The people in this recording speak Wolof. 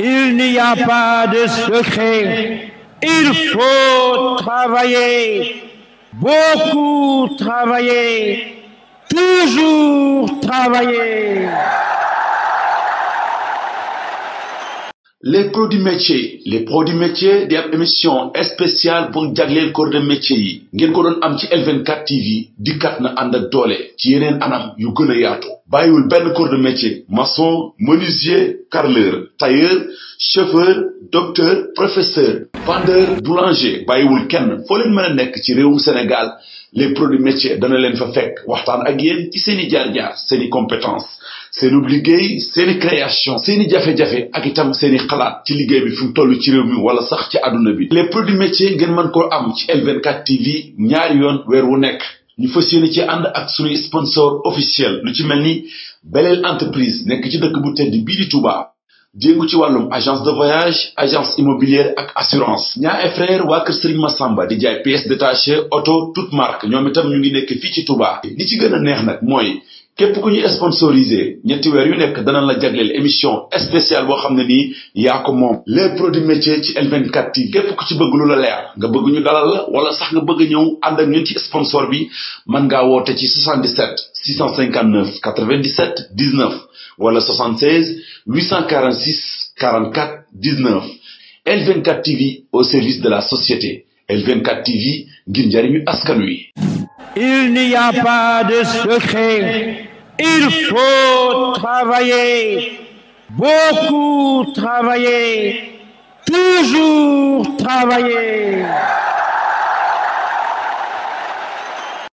Il n'y a pas de secret. Il faut travailler, beaucoup travailler, toujours travailler. les produits métiers les produits métiers di émission espéciale pour jagleel corps de métier yi ngeen ko doon am ci L24 TV dikkat na ànd ak doole ci yeneen anam yu gën a yaatu bàyyiwul benn corps de métier maçon menuisier carreleur tailleur chauffeur docteur professeur vendeur boulanger bàyyiwul kenn foo leen mën nekk ci réewum Sénégal les produits métiers dana leen fa fekk waxtaan ak yéen ci seen i jaar-jaar seen i compétence seenu liggéey seeni création seeni jafe-jafe ak itam seeni xalaat ci liggéey bi fi mu toll ci réew mi wala sax ci àdduna bi les produits métiers ngeen man koo am ci l TV ñaari yoon weer wu nekk ñu fas yéene ci ànd ak suñuy sponsor officiel lu ci mel ni Belel entreprise nekk ci dëkk bu tedd bii di Touba jéngu ci wàllum agence de voyage agence immobilière ak assurance ñaa frère waa kër Serigne Massamba di jaay pièces détachées auto toute marque ñoom itam ñu ngi nekk fii ci Touba. li ci gën a neex nag mooy képp ku ñu sponsorisé ñetti weer yu nekk dana la jagleel émission spéciale boo xam ne nii yaa ko moom les produits métiers ci L24 yi képp ku ci bëgg lu la leer nga bëgg ñu dalal la wala sax nga bëgg a ñëw ànd ak ñun ci sponsor bi man ngaa woote ci 77 659 97 19 wala 76 846 44 19 L24 TV au service de la société L24 TV ngir njariñu askan wi Il n'y a pas de secret. Il faut travailler, beaucoup travailler, toujours travailler.